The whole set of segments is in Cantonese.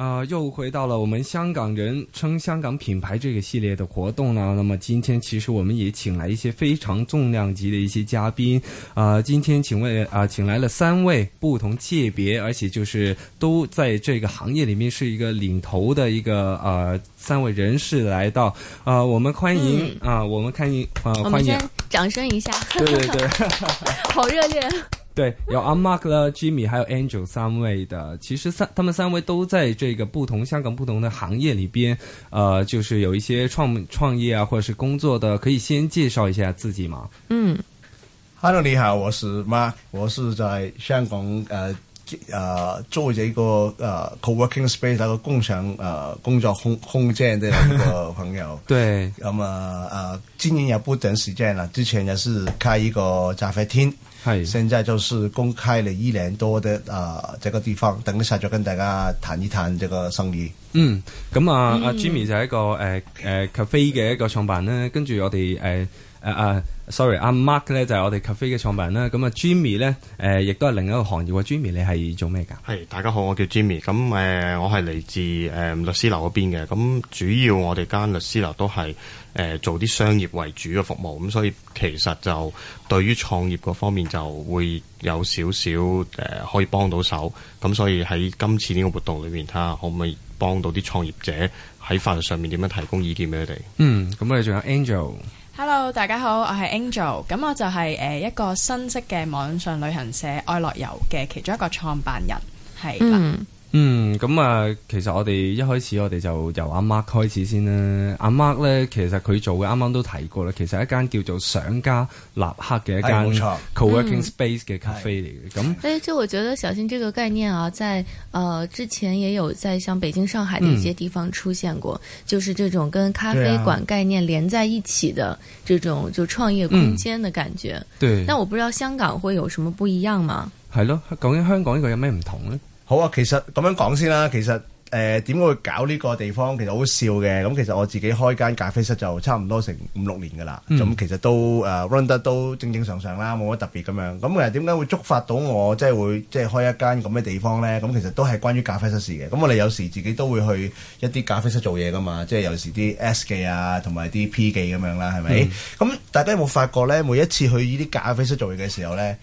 啊、呃，又回到了我們香港人稱香港品牌這個系列的活動呢。那麼今天其實我們也請來一些非常重量級的一些嘉賓，啊、呃，今天請問啊、呃，請來了三位不同界別，而且就是都在這個行業裏面是一個領頭的一個啊、呃、三位人士來到，啊、呃，我們歡迎、嗯、啊，我們歡迎啊，歡迎。我們先掌聲一下， 對對對， 好熱烈。對，有阿 Mark 啦、Jimmy 還有 Angel 三位的，其實三，他們三位都在這個不同香港不同的行業裏邊，呃，就是有一些創創業啊，或者是工作的，可以先介紹一下自己嗎？嗯，Hello，你好，我是 Mark，我是在香港，誒、呃，誒、呃，做一個誒、呃、co-working space 那個共享誒、呃、工作空空間的一個朋友。 對，咁啊，誒、呃，今年也不等時間啦，之前也是開一個咖啡廳。係，是現在就是公開咗一年多的啊、呃，這個地方，等一下就跟大家談一談這個生意。嗯，咁啊，阿、嗯啊、Jimmy 就係一個誒誒、呃啊、cafe 嘅一個創辦咧，跟住我哋誒誒，sorry，阿、啊、Mark 咧就係、是、我哋 cafe 嘅創辦人啦。咁啊，Jimmy 咧，誒、呃，亦都係另一個行業。Jimmy，你係做咩㗎？係，大家好，我叫 Jimmy，咁誒、呃，我係嚟自誒、呃、律師樓嗰邊嘅，咁主要我哋間律師樓都係。誒做啲商業為主嘅服務，咁所以其實就對於創業嗰方面就會有少少誒可以幫到手，咁所以喺今次呢個活動裏面，睇下可唔可以幫到啲創業者喺法律上面點樣提供意見俾佢哋。嗯，咁我哋仲有 Angel，Hello，大家好，我係 Angel，咁我就係誒一個新式嘅網上旅行社愛樂遊嘅其中一個創辦人，係啦。嗯嗯，咁、嗯、啊，其實我哋一開始我哋就由阿 Mark 開始先啦。阿 Mark 咧，其實佢做嘅，啱啱都提過啦，其實一間叫做想家立刻嘅一間冇錯，co-working space 嘅咖啡嚟嘅。咁誒，就我覺得小型呢個概念啊，在誒、呃、之前也有在像北京、上海的一些地方出現過，嗯、就是這種跟咖啡館概念連在一起的這種就創業空間的感覺。嗯、對，但我不知道香港會有什麼不一樣嘛，係咯，究竟香港呢個有咩唔同呢？好啊，其實咁樣講先啦，其實誒點、呃、會搞呢個地方？其實好笑嘅。咁其實我自己開間咖啡室就差唔多成五六年㗎啦。咁、嗯、其實都誒、呃、run 得都正正常常啦，冇乜特別咁樣。咁其實點解會觸發到我即係會即係開一間咁嘅地方咧？咁其實都係關於咖啡室事嘅。咁我哋有時自己都會去一啲咖啡室做嘢㗎嘛。即係有時啲 S 記啊，同埋啲 P 記咁樣啦，係咪？咁、嗯、大家有冇發覺咧？每一次去呢啲咖啡室做嘢嘅時候咧，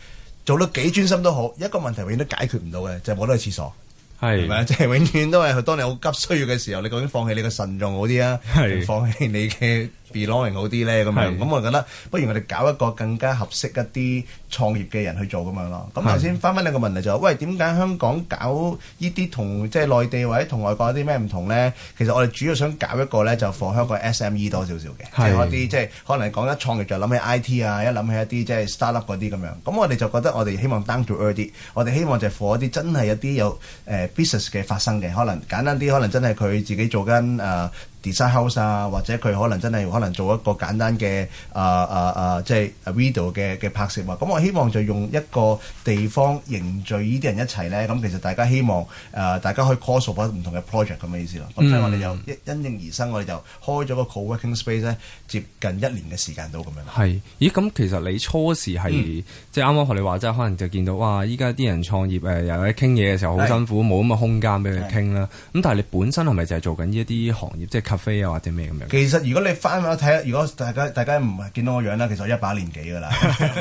做到幾專心都好，一個問題永遠都解決唔到嘅，就係冇得去廁所，係咪啊？即係永遠都係當你好急需要嘅時候，你究竟放棄你嘅腎臟仲好啲啊？是 放棄你嘅。belonging 好啲咧，咁樣，咁是我覺得不如我哋搞一個更加合適一啲創業嘅人去做咁樣咯。咁頭先翻翻你個問題就話、是，是喂點解香港搞依啲同即係內地或者同外國有啲咩唔同咧？其實我哋主要想搞一個咧就 for 香港 SME 多少少嘅，即係一啲即係可能講緊創業就諗起 IT 啊，一諗起一啲即係、就是、startup 嗰啲咁樣。咁我哋就覺得我哋希望 down to earth 啲，我哋希望就 for 一啲真係一啲有誒、呃、business 嘅發生嘅，可能簡單啲，可能真係佢自己做緊誒。呃 house 啊，或者佢可能真係可能做一個簡單嘅啊啊啊，即係 video 嘅嘅拍攝。啊，咁我希望就用一個地方凝聚呢啲人一齊咧，咁其實大家希望誒、呃、大家可以 c a l l e r 唔同嘅 project 咁嘅意思咯。咁所以我哋就因應而生，我哋就開咗個 co-working space 咧，接近一年嘅時間度咁樣。啦。咦？咁其實你初時係即係啱啱學你話齋，可能就見到哇！依家啲人創業誒，又喺傾嘢嘅時候好辛苦，冇咁嘅空間俾佢傾啦。咁但係你本身係咪就係做緊呢一啲行業？即係飛啊或者咩咁樣？其實如果你翻去睇，如果大家大家唔係見到我樣啦，其實我一把年紀㗎啦，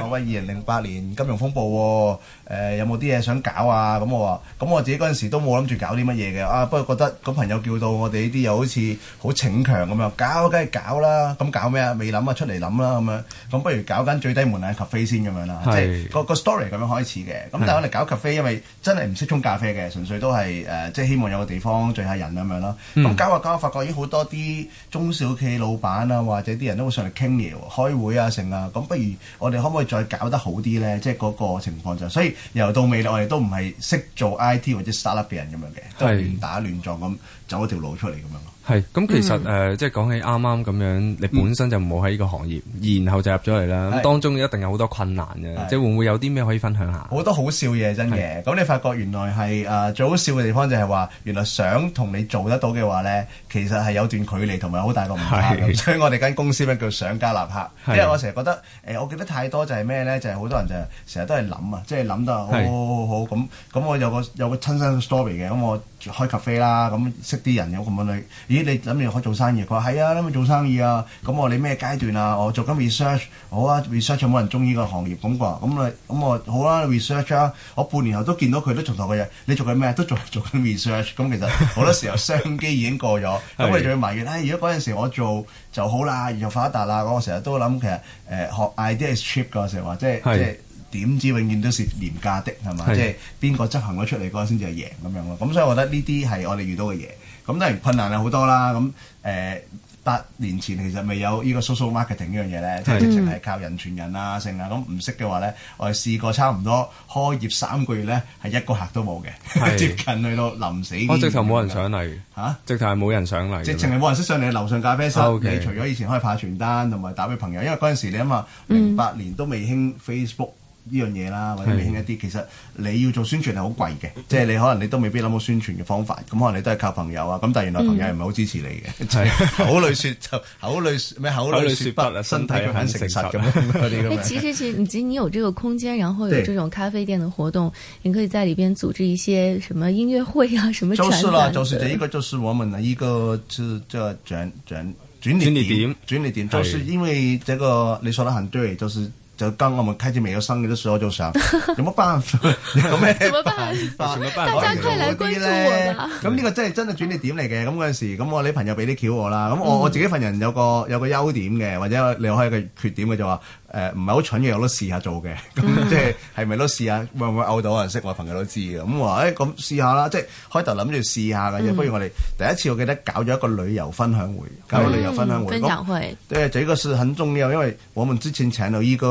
我話 二零零八年金融風暴喎、哦呃，有冇啲嘢想搞啊？咁、嗯、我話，咁、嗯、我自己嗰陣時都冇諗住搞啲乜嘢嘅啊，不過覺得咁朋友叫到我哋呢啲又好似好逞強咁樣，搞梗係搞啦，咁搞咩啊？未諗啊，出嚟諗啦咁樣，咁、啊、不如搞緊最低門檻咖，咖啡先咁樣啦，是即係個，個 story 咁樣開始嘅。咁、嗯、是但係我哋搞咖啡，因為真係唔識沖咖啡嘅，純粹都係誒、呃，即係希望有個地方聚下人咁樣咯。咁搞下搞，下，發覺已經好多～多啲中小企老板啊，或者啲人都會上嚟傾嘢、啊、開會啊，成啊，咁不如我哋可唔可以再搞得好啲咧？即係個情況就，所以由到未來，我哋都唔係識做 IT 或者 startup 嘅人咁樣嘅，都係亂打亂撞咁走一條路出嚟咁樣。係，咁、嗯、其實誒，即、呃、係講起啱啱咁樣，你本身就冇喺呢個行業，嗯、然後就入咗嚟啦。是當中一定有好多困難嘅，是即係會唔會有啲咩可以分享下？好多好笑嘢真嘅，咁是你發覺原來係誒、呃、最好笑嘅地方就係話，原來想同你做得到嘅話咧，其實係有段距離同埋好大個唔同。是所以我哋間公司咧叫想家立客，因為是我成日覺得誒、呃，我記得太多就係咩咧，就係、是、好多人就成、是、日都係諗啊，即係諗得好好好咁。咁我有個有個親身 story 嘅，咁我。開 cafe 啦，咁識啲人有咁樣你，咦你諗住開做生意？佢話係啊，諗、哎、住做生意啊。咁、嗯、我你咩階段啊？我做緊 research，好啊，research 有冇人中意個行業咁啩。咁你咁我好啦、啊、research 啊。我半年後都見到佢都做同個嘢，你做緊咩？都做做緊 research、嗯。咁其實好多時候商機已經過咗，咁你仲要埋怨？唉、哎，如果嗰陣時我做就好啦，然後發達啦。我成日都諗其實誒、欸、學 idea cheap s cheap 嘅成日話即係。點知永遠都是廉價的，係嘛？是即係邊個執行咗出嚟嗰個先至係贏咁樣咯。咁、嗯、所以我覺得呢啲係我哋遇到嘅嘢。咁當然困難係好多啦。咁誒、呃、八年前其實未有呢個 social marketing 是樣呢樣嘢咧，即係直情係靠人傳人啊，成啊。咁唔識嘅話咧，我哋試過差唔多開業三個月咧，係一個客都冇嘅，是 接近去到臨死。哦、直頭冇人上嚟嚇，啊、直頭係冇人上嚟，直情係冇人識上嚟樓上咖啡室。你除咗以前可以派傳單同埋打俾朋友，因為嗰陣時你諗啊，零八、嗯 mm. 年都未興 Facebook。呢樣嘢啦，或者興一啲，其實你要做宣傳係好貴嘅。即係你可能你都未必諗到宣傳嘅方法，咁可能你都係靠朋友啊，咁但係原來朋友又唔係好支持你嘅，口裏説就口裏咩口裏説不啊，身體又很誠實咁其嗰其實其實你知你有這個空間，然後有這種咖啡店嘅活動，你可以在裏邊組織一些什麼音樂會啊，什麼就是啦，就是這一個就是我們的一個叫轉轉轉轉念點轉念點，就是因為這個你說得很對，就是。就跟我咪開始未 有生嘅都鎖咗上，有乜辦法？有咩辦法？大家快來關注我啦！咁呢個真係真係轉你點嚟嘅？咁嗰陣時，咁我啲朋友俾啲橋我啦。咁我我自己份人有個有個優點嘅，或者你可以嘅缺點嘅就話。誒唔係好蠢嘅，我都試下做嘅，咁、嗯嗯、即係係咪都試下？會唔會嘔到？人識我識我朋友都知嘅，咁話誒咁試下啦。即係開頭諗住試下嘅，不如我哋第一次我記得搞咗一個旅遊分享會，搞旅遊分享會。分享會。誒，這個事很重要，因為我們之前請到呢、這個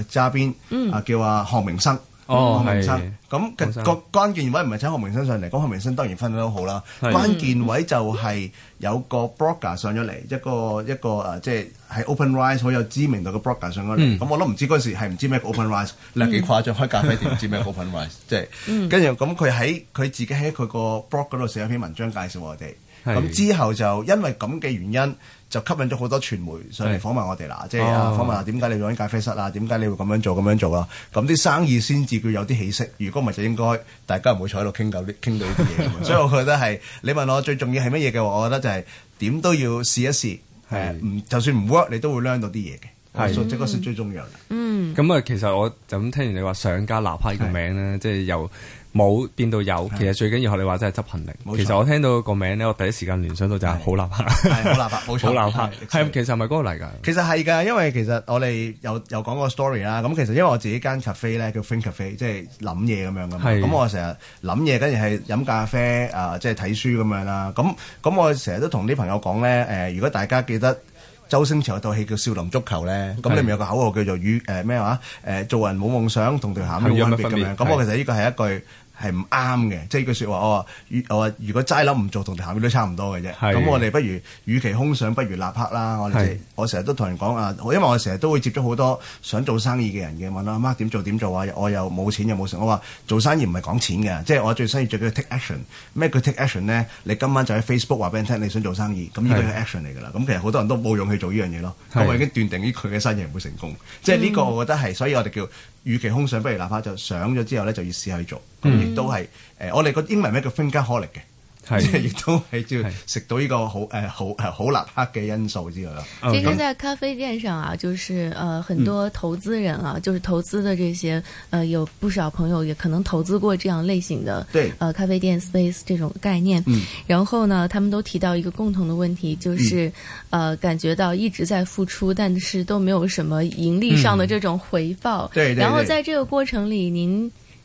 誒嘉、呃、賓，啊、呃、叫阿何明生。嗯哦，明係咁其個關鍵位唔係請韓明生上嚟，咁韓明生當然分得好啦。是關鍵位就係有個 b l o g g e r 上咗嚟，一個一個誒，即係喺 OpenRice 好有知名度嘅 b l o g g e r 上咗嚟。咁、嗯、我都唔知嗰時係唔知咩 OpenRice 靚幾誇張開咖啡店唔知咩 OpenRice 即係跟住咁佢喺佢自己喺佢個 b l o g g e r 度寫一篇文章介紹我哋。咁是、嗯、之後就因為咁嘅原因。就吸引咗好多傳媒上嚟訪問我哋啦，即係訪問下點解你用喺咖啡室啊？點解你會咁樣做咁樣做啦？咁啲生意先至叫有啲起色，如果唔係就應該大家唔會坐喺度傾到啲傾到啲嘢。 所以我覺得係你問我最重要係乜嘢嘅話，我覺得就係、是、點都要試一試，係唔是是就算唔 work 你都會 learn 到啲嘢嘅，係即係嗰個最重要嗯。嗯，咁啊、嗯，其實我就咁聽完你話想加立帕嘅名咧，即係又。冇變到有，其實最緊要係你話真係執行力。錯其實我聽到個名咧，我第一時間聯想到就係好難拍，係冇難好難拍。其實係咪嗰個嚟㗎？其實係㗎，因為其實我哋有有講過 story 啦。咁其實因為我自己間 cafe 咧叫 f i n k cafe，即係諗嘢咁樣㗎，咁的我成日諗嘢，跟住係飲咖啡啊，即係睇書咁樣啦。咁咁我成日都同啲朋友講咧，誒、呃，如果大家記得周星馳有套戲叫《少林足球》咧，咁你咪有個口號叫做魚誒咩話誒？做人冇夢想，同條鹹魚冇分別咁樣。咁我其實呢個係一句。係唔啱嘅，即係呢句說話我話，我話如果齋諗唔做，同行人都差唔多嘅啫。咁是我哋不如，與其空想，不如立刻啦。我是我成日都同人講啊，因為我成日都會接觸好多想做生意嘅人嘅，問阿媽點做點做啊，我又冇錢又冇成。我話做生意唔係講錢嘅，即係我最需要做嘅 take action。咩叫 take action 呢？你今晚就喺 Facebook 話俾人聽，你想做生意。咁呢個係 action 嚟㗎啦。咁是其實好多人都冇勇氣做呢樣嘢咯。咁是我已經斷定咗佢嘅生意唔會成功。是即係呢個我覺得係，所以我哋叫。與其空想，不如哪怕就上咗之後咧，就要試下去做咁，亦都係誒，我哋個英文名叫 finger c a l l i 力嘅。係，亦 都係叫食到呢個好誒、呃、好誒好立刻嘅因素之嘅啦。其實，在咖啡店上啊，就是誒、呃，很多投資人啊，嗯、就是投資的這些，誒、呃，有不少朋友也可能投資過這樣類型的，對，誒、呃，咖啡店 space 這種概念。嗯，然後呢，他們都提到一個共同的問題，就是，誒、嗯呃，感覺到一直在付出，但是都沒有什麼盈利上的這種回報。嗯、對，對，然後在這個過程裏，您。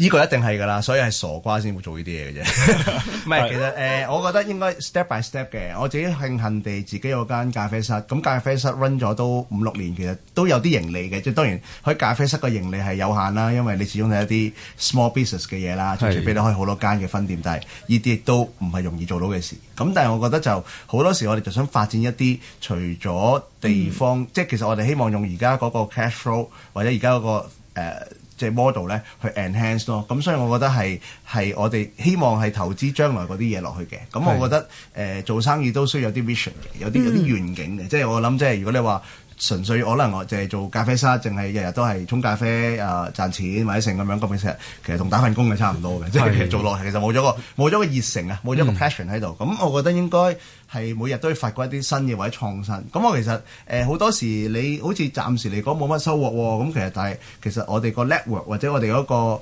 呢個一定係㗎啦，所以係傻瓜先會做呢啲嘢嘅啫。唔 係，其實誒、 呃，我覺得應該 step by step 嘅。我自己慶幸地自己有間咖啡室，咁咖啡室 run 咗都五六年，其實都有啲盈利嘅。即係當然，喺咖啡室嘅盈利係有限啦，因為你始終係一啲 small business 嘅嘢啦，就算俾你開好多間嘅分店，但係呢啲亦都唔係容易做到嘅事。咁但係我覺得就好多時，我哋就想發展一啲除咗地方，嗯、即係其實我哋希望用而家嗰個 cash flow 或者而家嗰個、uh, 即係 model 咧去 enhance 咯，咁、嗯、所以我覺得係，係我哋希望係投資將來嗰啲嘢落去嘅，咁我覺得誒是、呃、做生意都需要有啲 vision 嘅，有啲有啲願景嘅，嗯、即係我諗，即係如果你話。純粹可能我淨係做咖啡沙，淨係日日都係沖咖啡啊、呃、賺錢或者成咁樣，根本其實是的 其實同打份工係差唔多嘅，即係做落嚟其實冇咗個冇咗個熱誠啊，冇咗個 passion 喺度、嗯。咁我覺得應該係每日都要發掘一啲新嘢或者創新。咁我其實誒好、呃、多時你好似暫時嚟講冇乜收穫喎。咁、呃、其實但係其實我哋個 network 或者我哋嗰個誒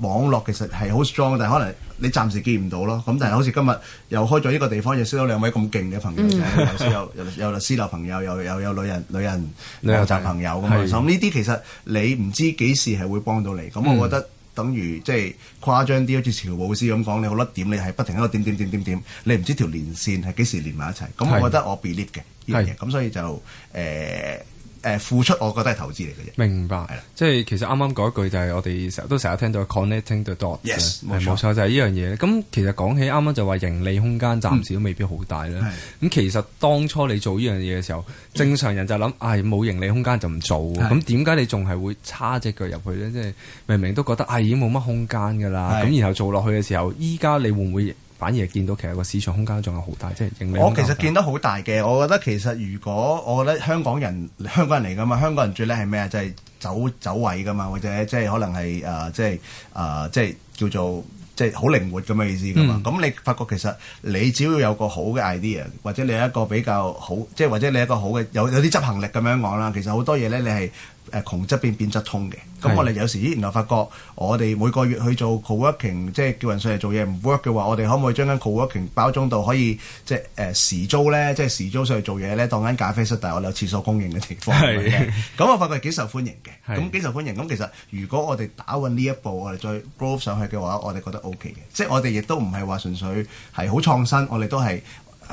網絡其實係好 strong，但係可能。你暫時見唔到咯，咁但係好似今日又開咗呢個地方，又識到兩位咁勁嘅朋友有又又又私樓朋友，又又又女人女人學朋友咁，呢啲其實你唔知幾時係會幫到你，咁我覺得等於即係誇張啲，好似喬布斯咁講，你好甩點，你係不停喺度點點點點點，你唔知條連線係幾時連埋一齊，咁我覺得我 believe 嘅呢樣嘢，咁所以就誒。呃誒付出，我覺得係投資嚟嘅啫。明白，係啦的，即係其實啱啱講一句就係我哋成日都成日聽到 connecting the dots yes, 錯。Yes，冇錯就係呢樣嘢。咁其實講起啱啱就話盈利空間暫時都未必好大啦。咁、嗯、其實當初你做呢樣嘢嘅時候，嗯、正常人就諗，唉、哎、冇盈利空間就唔做。咁點解你仲係會叉隻腳入去咧？即、就、係、是、明明都覺得唉、哎、已經冇乜空間㗎啦。咁、嗯、然後做落去嘅時候，依家你會唔會？反而見到其實個市場空間仲有好大，即係我其實見得好大嘅。我覺得其實如果我覺得香港人香港人嚟㗎嘛，香港人最叻係咩啊？即係走走位㗎嘛，或者即係可能係誒、呃、即係誒、呃、即係叫做即係好靈活咁嘅意思㗎嘛。咁、嗯、你發覺其實你只要有個好嘅 idea，或者你有一個比較好，即係或者你有一個好嘅有有啲執行力咁樣講啦。其實好多嘢咧，你係。誒，窮則變，變則通嘅，咁，我哋有時咦，原來發覺我哋每個月去做 co-working，即係叫人上嚟做嘢，唔 work 嘅話，我哋可唔可以將間 co-working 包裝到可以即係誒時租咧？即係時租上嚟做嘢咧，當間咖啡室，但係我哋有廁所供應嘅情況咁，是的我發覺幾受歡迎嘅。咁幾受歡迎咁，其實如果我哋打穩呢一步，我哋再 grow 上去嘅話，我哋覺得 OK 嘅。即係我哋亦都唔係話純粹係好創新，我哋都係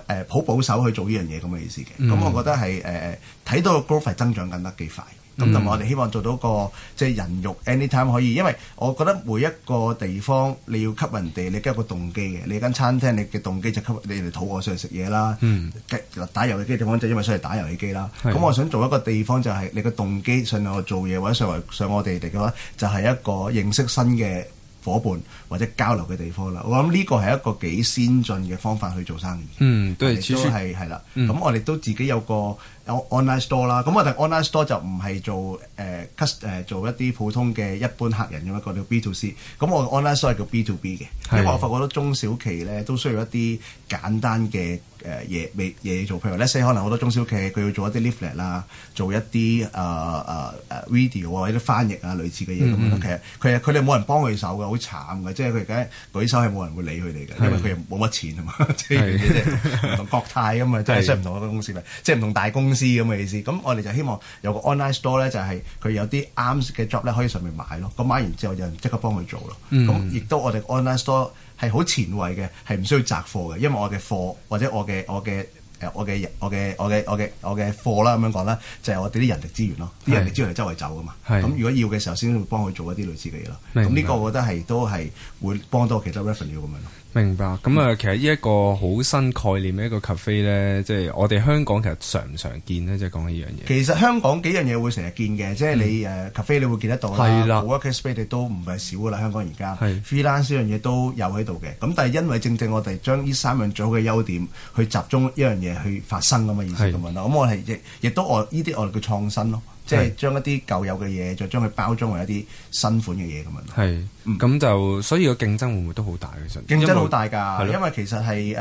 誒好保守去做呢樣嘢咁嘅意思嘅。咁、嗯、我覺得係誒睇到個 growth 係增長緊得幾快。咁同埋我哋希望做到個即係人肉，anytime 可以，因為我覺得每一個地方你要吸引人哋，你都有個動機嘅。你間餐廳，你嘅動機就吸引你哋肚餓我上嚟食嘢啦。嗯。Mm. 打遊戲機嘅地方就因為上嚟打遊戲機啦。咁的我想做一個地方就係你嘅動機上嚟我做嘢或者上嚟上我哋嚟嘅話，就係、是、一個認識新嘅伙伴或者交流嘅地方啦。我諗呢個係一個幾先進嘅方法去做生意。嗯，都係係啦。咁我哋都自己有個。有 online store 啦、so，咁我哋 online store 就唔係做誒 cust 誒做一啲普通嘅一般客人咁樣嗰啲 B to C，咁我 online store 係叫 B to B 嘅，因為我發覺好多中小企咧都需要一啲簡單嘅誒嘢嘢嘢做，譬如話，let's say 可能好多中小企佢要做一啲 leaflet 啦，做一啲誒誒 video 啊或者翻譯啊類似嘅嘢咁樣，其實佢佢哋冇人幫佢手嘅，好慘嘅，即係佢而家舉手係冇人會理佢哋嘅，因為佢又冇乜錢啊嘛，即係同國泰咁啊，即係唔同一個公司嚟，即係唔同大公司。咁嘅意思，咁我哋就希望有個 online store 咧，就係佢有啲啱嘅 job 咧，可以上面買咯。咁買完之後就有人即刻幫佢做咯。咁亦、嗯、都我哋 online store 係好前衞嘅，係唔需要雜貨嘅，因為我嘅貨或者我嘅我嘅誒我嘅我嘅我嘅我嘅我嘅貨啦咁樣講啦，就係、是、我哋啲人力資源咯，啲是人力資源周圍走㗎嘛。咁是如果要嘅時候先會幫佢做一啲類似嘅嘢咯。咁呢是個我覺得係都係會幫到其他 revenue 咁樣。明白，咁、嗯、啊，其實呢一個好新概念嘅一個 cafe 咧，即係我哋香港其實常唔常見呢？即係講呢樣嘢。其實香港幾樣嘢會成日見嘅，嗯、即係你誒 cafe 你會見得到啦的，work experience 你都唔係少噶啦，香港而家。的 freelance 呢樣嘢都有喺度嘅，咁但係因為正正我哋將呢三樣組嘅優點去集中一樣嘢去發生咁嘅的意思咁啊，咁的我哋亦亦都我呢啲我哋嘅創新咯。是即係將一啲舊有嘅嘢，就將佢包裝為一啲新款嘅嘢咁啊！係是，咁、嗯、就所以個競爭會唔會都好大嘅？其實競爭好大㗎，因為,因為其實係誒誒誒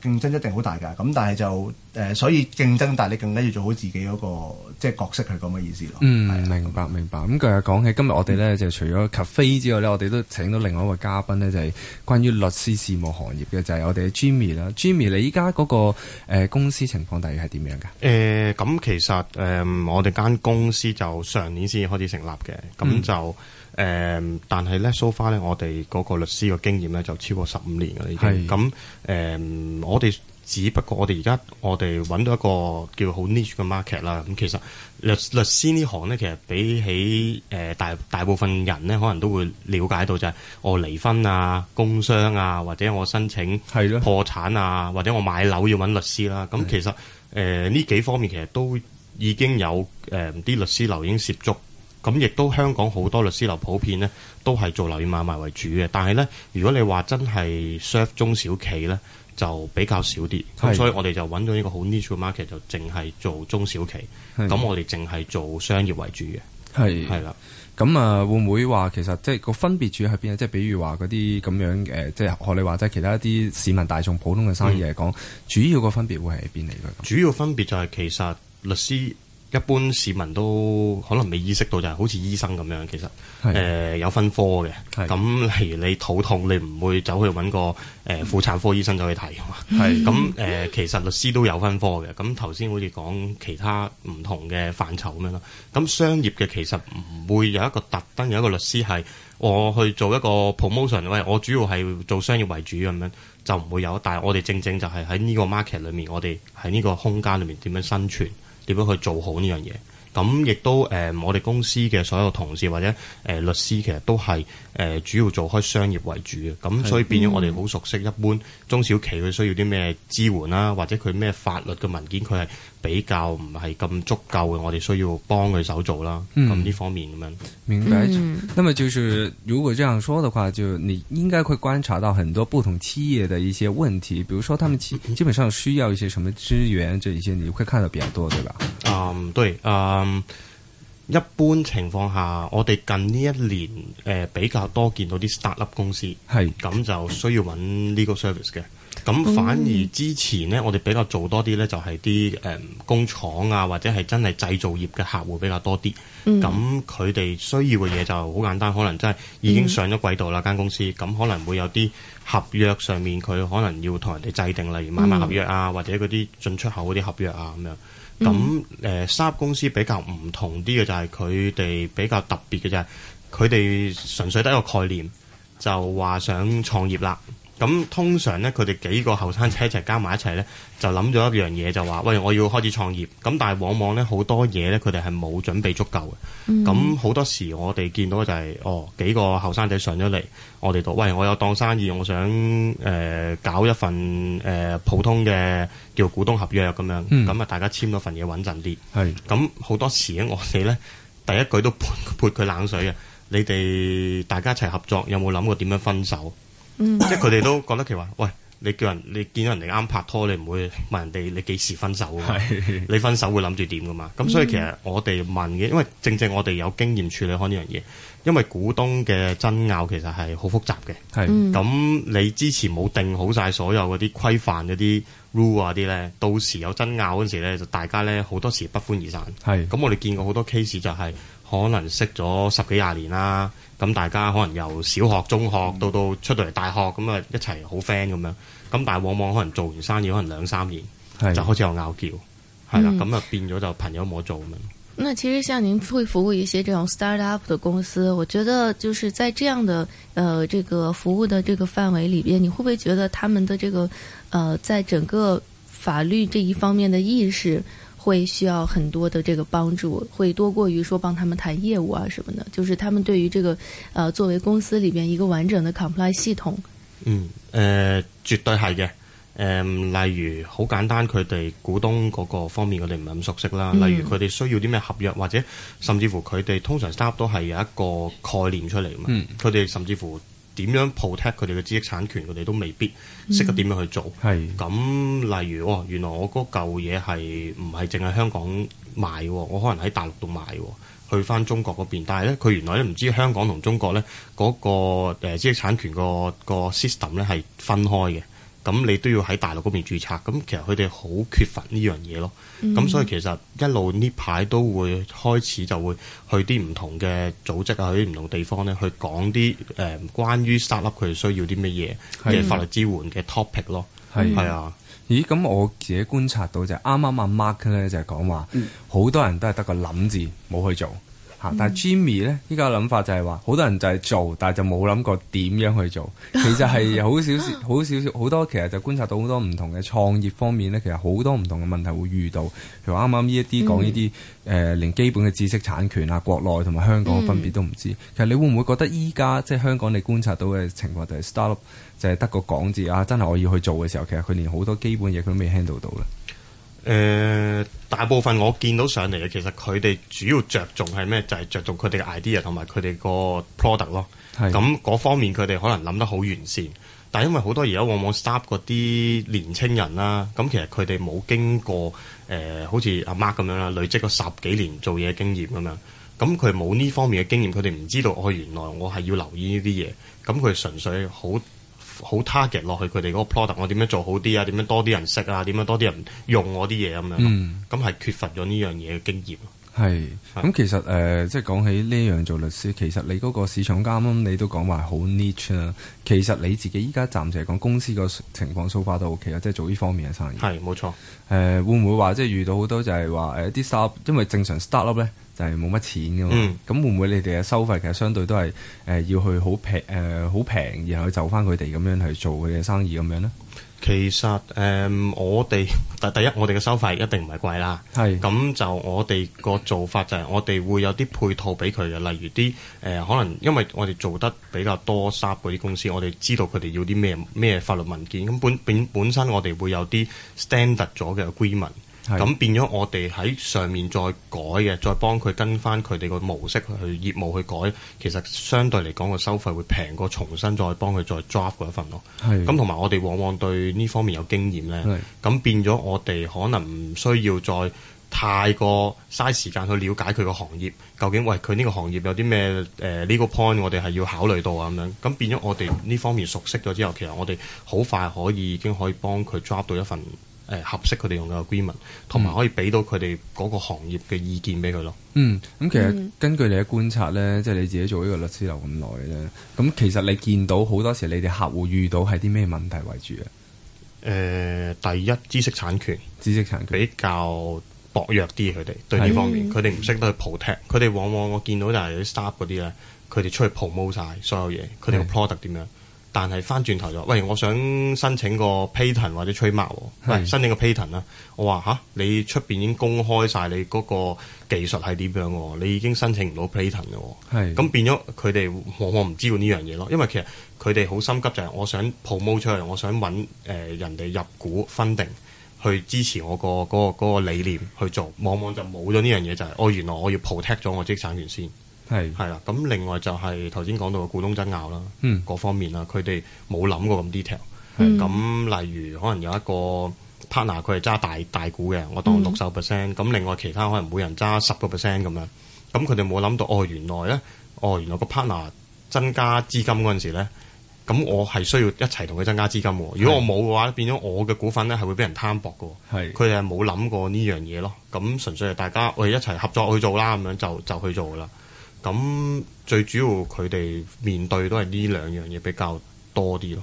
競爭一定好大㗎。咁但係就誒、呃，所以競爭大，你更加要做好自己嗰個即係角色係咁嘅意思咯、就是。明白明白。咁、嗯、今日講起今日我哋咧，就除咗 cafe 之外咧，嗯、我哋都請到另外一位嘉賓咧，就係、是、關於律師事務行業嘅，就係、是、我哋嘅 Jimmy 啦。Jimmy，你依家嗰個公司情況大概係點樣㗎？咁、嗯、其實誒、嗯嗯、我哋間公司就上年先至開始成立嘅，咁就誒、嗯嗯，但係咧 so far 咧，我哋嗰個律師個經驗咧就超過十五年嘅啦已經，咁誒的、嗯，我哋只不過我哋而家我哋揾到一個叫好 niche 嘅 market 啦，咁其實律律師行呢行咧，其實比起誒、呃、大大部分人咧，可能都會了解到就係、是、我離婚啊、工傷啊，或者我申請破產啊，的或者我買樓要揾律師啦，咁其實誒呢的、呃、幾方面其實都。已經有誒啲、呃、律師樓已經涉足，咁亦都香港好多律師樓普遍咧都係做樓宇買賣為主嘅。但係呢，如果你話真係 serve 中小企呢，就比較少啲。咁的所以我哋就揾咗呢個好 neutral market，就淨係做中小企。咁的我哋淨係做商業為主嘅。係係啦。咁的的啊，會唔會話其實即係個分別主要喺邊啊？即、就、係、是、比如話嗰啲咁樣嘅，即係學你話齋其他一啲市民大眾普通嘅生意嚟講，的主要個分別會係喺邊嚟嘅？主要分別就係其實。律師一般市民都可能未意識到，就係、是、好似醫生咁樣。其實誒的、呃、有分科嘅咁，例如的你肚痛，你唔會走去搵個誒婦、呃、產科醫生走去睇嘛。咁誒、嗯呃，其實律師都有分科嘅。咁頭先好似講其他唔同嘅範疇咁樣咯。咁商業嘅其實唔會有一個特登有一個律師係我去做一個 promotion 喂，我主要係做商業為主咁樣，就唔會有。但係我哋正正就係喺呢個 market 裏面，我哋喺呢個空間裏面點樣生存？點樣去做好呢樣嘢？咁亦都誒，我哋公司嘅所有同事或者誒、呃、律師，其實都係誒、呃、主要做開商業為主嘅。咁所以變咗我哋好熟悉一般中小企佢需要啲咩支援啦、啊，或者佢咩法律嘅文件佢係。比較唔係咁足夠嘅，我哋需要幫佢手做啦。咁呢、嗯、方面咁樣，明白。嗯，咁啊，就是如果這樣說的話，就你應該會觀察到很多不同企業嘅一些問題，比如說，他們基本上需要一些什麼資源，這一些你會看到比較多，對吧？嗯，對。嗯，一般情況下，我哋近呢一年，誒、呃，比較多見到啲 start up 公司，係咁是就需要揾 legal service 嘅。咁反而之前呢，我哋比較做多啲呢，就係啲誒工廠啊，或者係真係製造業嘅客戶比較多啲。咁佢哋需要嘅嘢就好簡單，可能真係已經上咗軌道啦間公司。咁、嗯、可能會有啲合約上面，佢可能要同人哋制定例如買賣合約啊，嗯、或者嗰啲進出口嗰啲合約啊咁樣。咁誒、嗯呃，三公司比較唔同啲嘅就係佢哋比較特別嘅就係，佢哋純粹得一個概念就話想創業啦。咁通常咧，佢哋幾個後生仔一齊加埋一齊咧，就諗咗一樣嘢，就話：喂，我要開始創業。咁但係往往咧，好多嘢咧，佢哋係冇準備足夠嘅。咁好、嗯、多時我哋見到就係、是，哦，幾個後生仔上咗嚟，我哋度：「喂，我有檔生意，我想誒、呃、搞一份誒、呃、普通嘅叫股東合約咁樣。咁啊、嗯，大家簽咗份嘢穩陣啲。係是。咁好多時咧，我哋咧第一句都潑佢冷水嘅。你哋大家一齊合作，有冇諗過點樣分手？嗯、即係佢哋都覺得奇話，喂，你叫人，你見到人哋啱拍拖，你唔會問人哋你幾時分手是的 你分手會諗住點㗎嘛？咁所以其實我哋問嘅，因為正正我哋有經驗處理開呢樣嘢，因為股東嘅爭拗其實係好複雜嘅。係，咁你之前冇定好晒所有嗰啲規範嗰啲 rule 啊啲咧，到時有爭拗嗰時咧，就大家咧好多時不歡而散。係，咁我哋見過好多 case 就係、是。可能識咗十幾廿年啦，咁大家可能由小學、中學到到出到嚟大學，咁啊一齊好 friend 咁樣，咁但係往往可能做完生意，可能兩三年就開始有拗撬，係啦是，咁啊變咗就朋友冇做咁樣。嗯、那其實像您會服務一些這種 start up 嘅公司，我覺得就是在這樣的、呃這個、服務的這個範圍裡邊，你會不會覺得他們的這個、呃、在整個法律這一方面的意識？會需要很多的這個幫助，會多過於說幫他們談業務啊什麼的，就是他們對於這個，呃，作為公司裏邊一個完整的 compliance 系統，嗯，誒、呃，絕對係嘅，誒、呃，例如好簡單，佢哋股東嗰個方面，我哋唔係咁熟悉啦，嗯、例如佢哋需要啲咩合約，或者甚至乎佢哋通常 startup 都係有一個概念出嚟嘛，佢哋、嗯、甚至乎。點樣 protect 佢哋嘅知識產權，佢哋都未必識得點樣去做。咁、嗯、例如，哦，原來我嗰嚿嘢係唔係淨係香港賣，我可能喺大陸度賣，去返中國嗰邊。但係咧，佢原來都唔知香港同中國咧嗰、嗰個、呃、知識產權個、嗰個 system 咧係分開嘅。咁你都要喺大陸嗰邊註冊，咁其實佢哋好缺乏呢樣嘢咯。咁、嗯、所以其實一路呢排都會開始就會去啲唔同嘅組織啊，去啲唔同地方咧去講啲誒、呃、關於 startup 佢哋需要啲乜嘢嘅法律支援嘅 topic 咯。係係啊，啊啊咦？咁我自己觀察到就係啱啱阿 Mark 咧就係講話好多人都係得個諗字冇去做。但係 Jimmy 咧，依家嘅諗法就係、是、話，好多人就係做，但係就冇諗過點樣去做。其實係 好少少，好少好多。其實就觀察到好多唔同嘅創業方面咧，其實好多唔同嘅問題會遇到。譬如啱啱呢一啲講呢啲誒，連基本嘅知識產權啊、國內同埋香港嘅分別都唔知。嗯、其實你會唔會覺得依家即係香港你觀察到嘅情況就係 startup 就係得個講字啊？真係我要去做嘅時候，其實佢連好多基本嘢佢都未 handle 到啦。誒、呃，大部分我見到上嚟嘅，其實佢哋主要着重係咩？就係、是、着重佢哋嘅 idea 同埋佢哋個 product 咯。咁嗰是方面佢哋可能諗得好完善，但係因為好多而家往往 startup 嗰啲年青人啦，咁其實佢哋冇經過誒、呃，好似阿、啊、Mark 咁樣啦，累積咗十幾年做嘢經驗咁樣，咁佢冇呢方面嘅經驗，佢哋唔知道哦，原來我係要留意呢啲嘢，咁佢純粹好。好 target 落去佢哋嗰個 product，我點樣做好啲啊？點樣多啲人識啊？點樣多啲人用我啲嘢咁樣，咁係缺乏咗呢樣嘢嘅經驗。係咁是，是其實誒、呃，即係講起呢樣做律師，其實你嗰個市場監，剛剛你都講話好 niche 啦。其實你自己依家暫時嚟講，公司個情況 so far 都 OK 啊，即係做呢方面嘅生意係冇錯。誒、呃，會唔會話即係遇到好多就係話誒啲 start，因為正常 start up 咧。係冇乜錢嘅嘛，咁、嗯、會唔會你哋嘅收費其實相對都係誒、呃、要去好平誒好平，然後就翻佢哋咁樣去做佢哋嘅生意咁樣呢？其實誒、呃，我哋第第一，我哋嘅收費一定唔係貴啦。係咁是就我哋個做法就係我哋會有啲配套俾佢嘅，例如啲誒、呃、可能因為我哋做得比較多沙嗰啲公司，我哋知道佢哋要啲咩咩法律文件咁，本本身我哋會有啲 standard 咗嘅 agreement。咁變咗我哋喺上面再改嘅，再幫佢跟翻佢哋個模式去業務去改，其實相對嚟講個收費會平過重新再幫佢再 drop 過一份咯。係。咁同埋我哋往往對呢方面有經驗呢，係。咁變咗我哋可能唔需要再太過嘥時間去了解佢個行業究竟，喂佢呢個行業有啲咩誒呢個 point 我哋係要考慮到啊咁樣。咁變咗我哋呢方面熟悉咗之後，其實我哋好快可以已經可以幫佢 drop 到一份。誒合適佢哋用嘅 agreement，同埋可以俾到佢哋嗰個行業嘅意見俾佢咯。嗯，咁其實根據你嘅觀察咧，嗯、即係你自己做呢個律師樓咁耐咧，咁其實你見到好多時你哋客戶遇到係啲咩問題為主啊？誒、呃，第一知識產權，知識產權比較薄弱啲，佢哋對呢方面，佢哋唔識得去 protect，佢哋往往我見到就係啲 startup 嗰啲咧，佢哋出去 promote 晒所有嘢，佢哋個 product 點樣？但係翻轉頭就，喂，我想申請個 patent 或者 trade mark，的申請個 patent 啦。我話吓，你出邊已經公開晒你嗰個技術係點樣喎？你已經申請唔到 patent 嘅喎。係咁的，變咗佢哋往往唔知道呢樣嘢咯。因為其實佢哋好心急就係我想 promote 出嚟，我想揾、呃、人哋入股 funding 去支持我、嗰個嗰、嗰個理念去做，往往就冇咗呢樣嘢就係、是，哦，原來我要 protect 咗我知識產權先。係係啦，咁另外就係頭先講到嘅股東爭拗啦，各、嗯、方面啦，佢哋冇諗過咁 detail。咁的、嗯、例如可能有一個 partner 佢係揸大大股嘅，我當六十 percent。咁、嗯、另外其他可能每人揸十個 percent 咁樣，咁佢哋冇諗到哦，原來咧哦，原來個 partner 增加資金嗰陣時咧，咁我係需要一齊同佢增加資金喎。如果我冇嘅話，變咗我嘅股份咧係會俾人攤薄嘅。係佢哋係冇諗過呢樣嘢咯。咁純粹係大家我哋一齊合作去做啦，咁樣就就，就去做噶啦。咁最主要佢哋面對都係呢兩樣嘢比較多啲咯。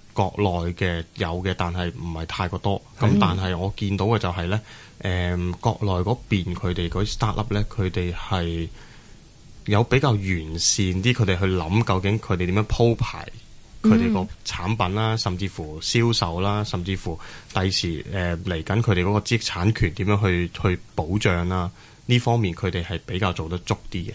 國內嘅有嘅，但係唔係太過多。咁的但係我見到嘅就係呢誒國內嗰邊佢哋嗰啲 start up 呢，佢哋係有比較完善啲。佢哋去諗究竟佢哋點樣鋪排佢哋個產品啦，嗯、甚至乎銷售啦，甚至乎第時誒嚟緊佢哋嗰個知識產權點樣去去保障啦。呢方面佢哋係比較做得足啲嘅。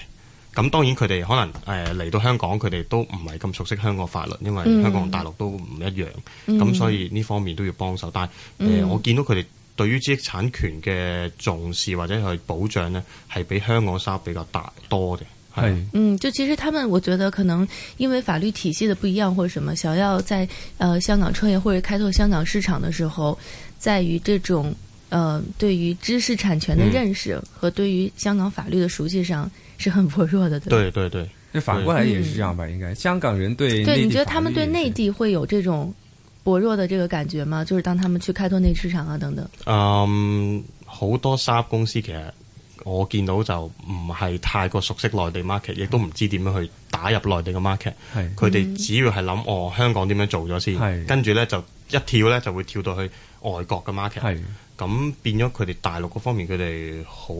咁當然佢哋可能誒嚟、呃、到香港，佢哋都唔係咁熟悉香港法律，因為香港大陸都唔一樣，咁、嗯、所以呢方面都要幫手。嗯、但係、呃嗯、我見到佢哋對於知識產權嘅重視或者係保障呢係比香港稍比較大多嘅。係是嗯，就其實他們，我覺得可能因為法律體系嘅不一樣或者什麼，想要在呃香港創業或者開拓香港市場嘅時候，在於這種，呃，對於知識產權的認識、嗯、和對於香港法律的熟悉上是很薄弱的，對,對。對對對，反過來也是這樣吧？應該香港人對對，你覺得他們對內地會有這種薄弱的這個感覺嗎？就是當他們去開拓內地市場啊，等等。嗯，好多三公司其實我見到就唔係太過熟悉內地 market，亦都唔知點樣去打入內地嘅 market。係、嗯，佢哋、嗯、只要係諗哦，香港點樣做咗先，係的，跟住咧就一跳咧就會跳到去。外國嘅 market，咁是的 變咗佢哋大陸嗰方面，佢哋好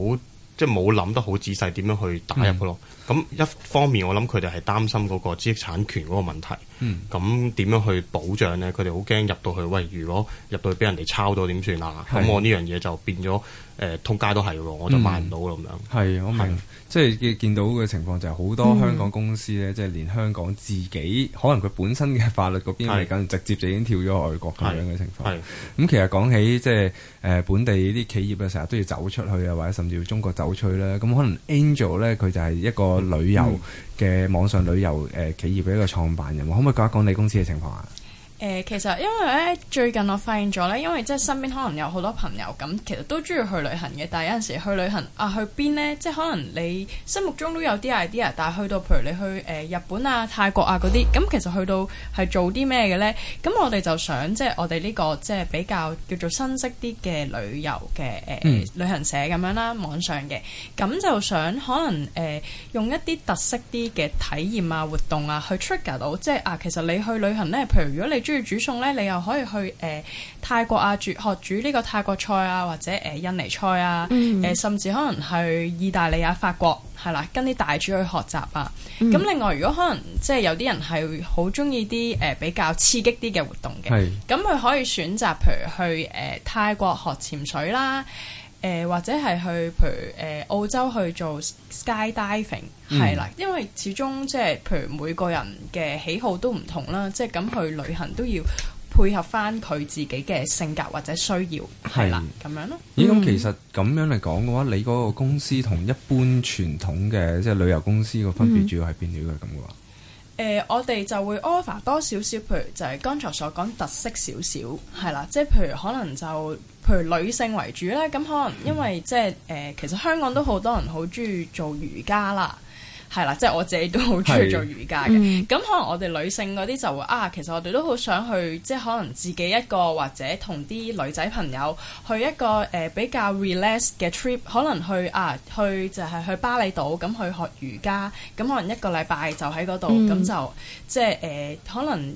即係冇諗得好仔細點樣去打入嘅咯。嗯咁一方面，我諗佢哋係擔心嗰個知識產權嗰個問題。嗯。咁點樣去保障咧？佢哋好驚入到去，喂！如果入到去俾人哋抄到點算啊？咁是我呢樣嘢就變咗誒、呃、通街都係喎，我就買唔到啦咁、嗯、樣，係，我明。是即係見到嘅情況就係好多香港公司咧，嗯、即係連香港自己可能佢本身嘅法律邊邊嚟緊，是直接就已經跳咗外國咁樣嘅情況，係。咁、嗯、其實講起即係誒、呃、本地啲企業啊，成日都要走出去啊，或者甚至要中國走出去啦。咁可能 Angel 咧，佢就係一個。旅遊嘅網上旅遊誒企業嘅一個創辦人，可唔可以講一講你公司嘅情況啊？誒、呃、其實因為咧最近我發現咗咧，因為即係身邊可能有好多朋友咁，其實都中意去旅行嘅。但係有陣時去旅行啊，去邊咧？即係可能你心目中都有啲 idea，但係去到譬如你去誒、呃、日本啊、泰國啊嗰啲，咁其實去到係做啲咩嘅咧？咁我哋就想即係我哋呢、呢個即係比較叫做新式啲嘅旅遊嘅誒、呃嗯、旅行社咁樣啦，網上嘅，咁就想可能誒、呃、用一啲特色啲嘅體驗啊、活動啊去 trigger 到，即係啊，其實你去旅行咧，譬如如果你，中意煮餸咧，你又可以去誒、呃、泰國啊，煮學煮呢個泰國菜啊，或者誒、呃、印尼菜啊，誒、嗯呃、甚至可能去意大利啊、法國，係啦，跟啲大廚去學習啊。咁、嗯、另外，如果可能即係有啲人係好中意啲誒比較刺激啲嘅活動嘅，咁佢是可以選擇譬如去誒、呃、泰國學潛水啦。誒、呃、或者係去譬如誒、呃、澳洲去做 skydiving 係啦、嗯，因為始終即係譬如每個人嘅喜好都唔同啦，即係咁去旅行都要配合返佢自己嘅性格或者需要係是啦咁樣咯。咦、嗯？咁其實咁樣嚟講嘅話，你嗰個公司同一般傳統嘅即係旅遊公司個分別主要係邊啲嘅咁嘅話？誒、嗯嗯呃，我哋就會 offer 多少少，譬如就係剛才所講特色少少係啦，即係譬如可能就。譬如女性為主啦，咁可能因為即係誒，其實香港都好多人好中意做瑜伽啦，係、嗯、啦，即係我自己都好中意做瑜伽嘅。咁、嗯、可能我哋女性嗰啲就會啊，其實我哋都好想去，即係可能自己一個或者同啲女仔朋友去一個誒、呃、比較 relax 嘅 trip，可能去啊去就係去巴厘島咁去學瑜伽，咁可能一個禮拜就喺嗰度，咁、嗯、就即係誒可能。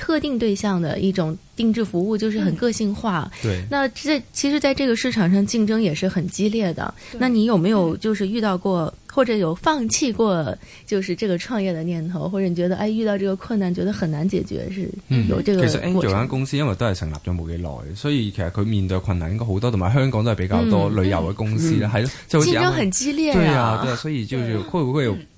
特定對象的一種定制服務，就是很個性化。嗯、對，那這其實，在這個市場上競爭也是很激烈的。對那你有沒有就是遇到過，或者有放棄過，就是這個創業的念頭，或者你覺得哎，遇到這個困難，覺得很難解決，是有這個？其實 Angel 做間公司，因為都係成立咗冇幾耐，所以其實佢面對困難應該好多，同埋香港都係比較多旅遊嘅公司咧，係咯、嗯，嗯、就剛剛競爭很激烈。啊對啊，對啊，所以就是會不會，會？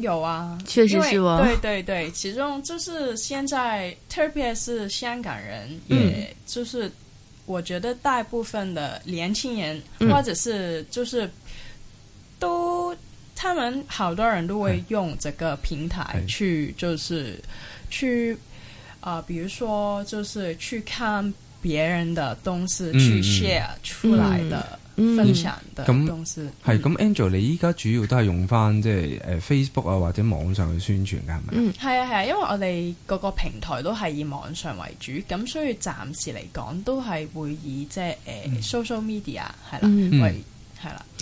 有啊，確實係哦，對對對，其中就是現在，特別是香港人，嗯、也就是我覺得大部分的年輕人，嗯、或者是就是都，他們好多人都會用這個平台去，就是、嗯、去，啊、呃，比如說就是去看別人的東西、嗯、去 share 出來的。嗯嗯。分享得公司係咁，Angel 你依家主要都係用返即係誒 Facebook 啊或者網上去宣傳嘅係咪？嗯，係啊係啊，因為我哋個個平台都係以網上為主，咁所以暫時嚟講都係會以即係誒 social media 係啦、嗯、為。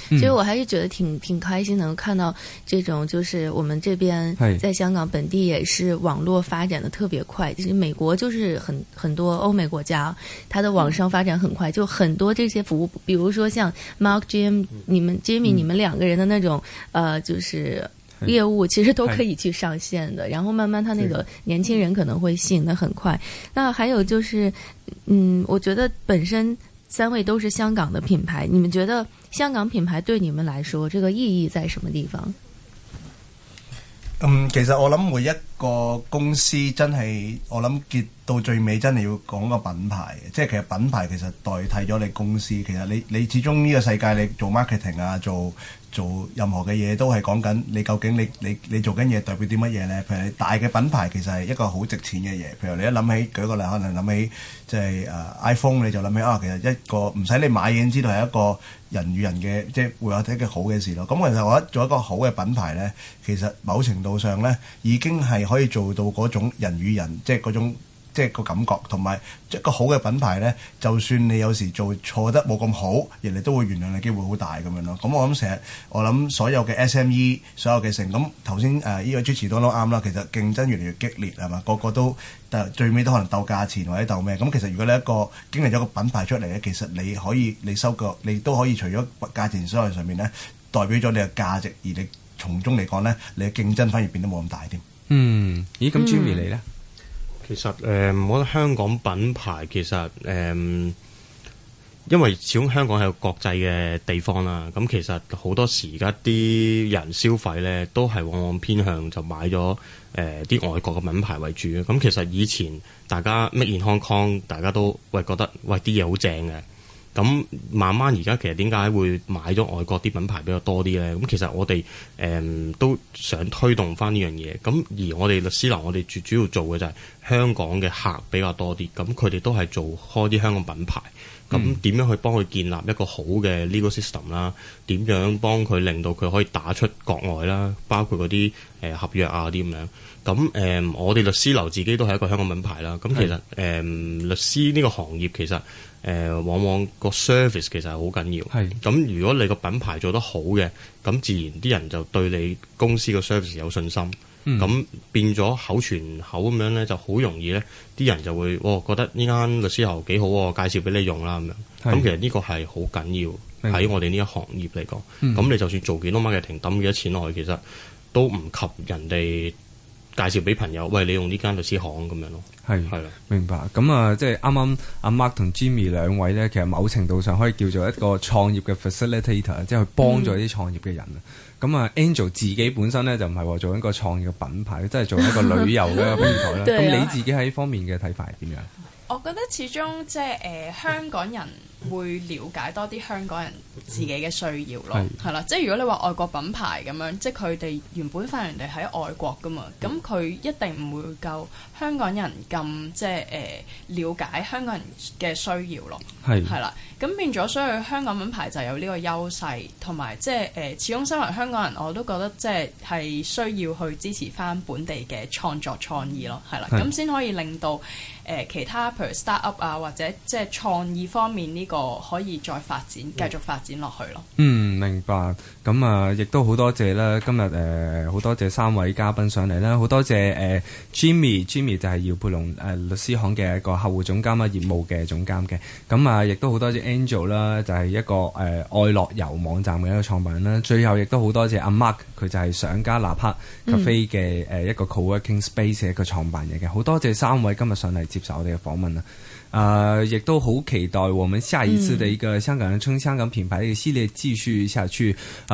其實、嗯、我還是覺得挺挺開心，能看到這種就是我們這邊在香港本地也是網絡發展的特別快。其實嘿美國就是很很多歐美國家，它的網上發展很快，嗯、就很多這些服務，比如說像 Mark、Jim 你們 Jimmy、嗯、你們兩個人的那種，呃，就是業務其實都可以去上線的。嘿然後慢慢他那個年輕人可能會吸引的很快。嗯嗯、那還有就是，嗯，我覺得本身三位都是香港的品牌，你們覺得？香港品牌對你們來說，這個意義在什麼地方？嗯，其實我諗每一個公司真係，我諗結到最尾真係要講個品牌，即係其實品牌其實代替咗你公司，其實你你始終呢個世界你做 marketing 啊做做任何嘅嘢都係講緊你究竟你你你，你做緊嘢代表啲乜嘢咧？譬如你大嘅品牌其實係一個好值錢嘅嘢。譬如你一諗起舉個例，可能諗起即係誒 iPhone，你就諗起啊，其實一個唔使你買已經知道係一個人與人嘅即係會有一個嘅好嘅事咯。咁其實我覺得做一個好嘅品牌咧，其實某程度上咧已經係可以做到嗰種人與人即係嗰種。即係個感覺，同埋一個好嘅品牌呢，就算你有時做錯得冇咁好，人哋都會原諒你機會好大咁樣咯。咁我諗成日，我諗所有嘅 SME，所有嘅成咁頭先誒，呢個主持都啱啦。其實競爭越嚟越激烈係嘛，個個都但最尾都可能鬥價錢或者鬥咩咁、嗯。其實如果你一個經歷咗個品牌出嚟呢，其實你可以你收割，你都可以除咗價錢所謂上面呢，代表咗你嘅價值，而你從中嚟講呢，你嘅競爭反而變得冇咁大添。嗯，咦？咁 Jimmy 你咧？嗯其實誒、呃，我覺得香港品牌其實誒、呃，因為始終香港係個國際嘅地方啦。咁其實好多時而家啲人消費咧，都係往往偏向就買咗誒啲外國嘅品牌為主。咁其實以前大家 made in Hong Kong 大家都會覺得，喂啲嘢好正嘅。咁慢慢而家其實點解會買咗外國啲品牌比較多啲呢？咁其實我哋誒、呃、都想推動返呢樣嘢。咁而我哋律師樓，我哋最主要做嘅就係香港嘅客比較多啲。咁佢哋都係做開啲香港品牌。咁點、嗯、樣去幫佢建立一個好嘅 legal system 啦？點樣幫佢令到佢可以打出國外啦？包括嗰啲誒合約啊啲咁樣。咁誒、呃，我哋律師樓自己都係一個香港品牌啦。咁其實誒是、呃、律師呢個行業其實誒、呃、往往個 service 其實係好緊要。係是。咁如果你個品牌做得好嘅，咁自然啲人就對你公司嘅 service 有信心。咁、嗯、變咗口傳口咁樣咧，就好容易咧，啲人就會喎、哦、覺得呢間律師樓幾好喎，介紹俾你用啦咁樣。咁的其實呢個係好緊要喺的我哋呢一行業嚟講。咁、嗯、你就算做幾多蚊嘅 r 抌幾多錢落去，其實都唔及人哋介紹俾朋友，喂，你用呢間律師行咁樣咯。係係啦，是的明白。咁啊，即係啱啱阿 Mark 同 Jimmy 兩位咧，其實某程度上可以叫做一個創業嘅 facilitator、嗯、即係去幫助啲創業嘅人啊。咁啊，Angel 自己本身咧就唔係話做一個創業品牌，即、就、係、是、做一個旅遊嘅平台啦。咁 你自己喺方面嘅睇法係點樣？我覺得始終即係誒香港人會了解多啲香港人自己嘅需要咯，係是啦，即係如果你話外國品牌咁樣，即係佢哋原本翻人哋喺外國㗎嘛，咁佢、嗯、一定唔會夠香港人咁即係誒、呃、了解香港人嘅需要咯，係係是啦，咁變咗所以香港品牌就有呢個優勢，同埋即係誒、呃、始終身為香港人，我都覺得即係係需要去支持返本地嘅創作創意咯，係啦，咁先是可以令到。誒其他譬如 start up 啊，或者即係創意方面呢個可以再發展，繼、嗯、續發展落去咯。嗯，明白。咁啊，亦、嗯、都好多謝啦！今日誒，好、呃、多謝三位嘉賓上嚟啦，好多謝誒、呃、Jimmy，Jimmy 就係姚培龍誒律師行嘅一個客戶總監啊，業務嘅總監嘅。咁、嗯、啊，亦都好多謝 Angel 啦，就係、是、一個誒、呃、愛樂遊網站嘅一個創辦人啦。最後亦都好多謝阿、啊、Mark，佢就係上加拿克 cafe 嘅誒一個 co-working space 嘅一個創辦嘢嘅。好、嗯、多謝三位今日上嚟接受我哋嘅訪問啊！誒、呃，亦都好期待我們下一次嘅一個香港人撐香港品牌嘅系列繼續下去。啊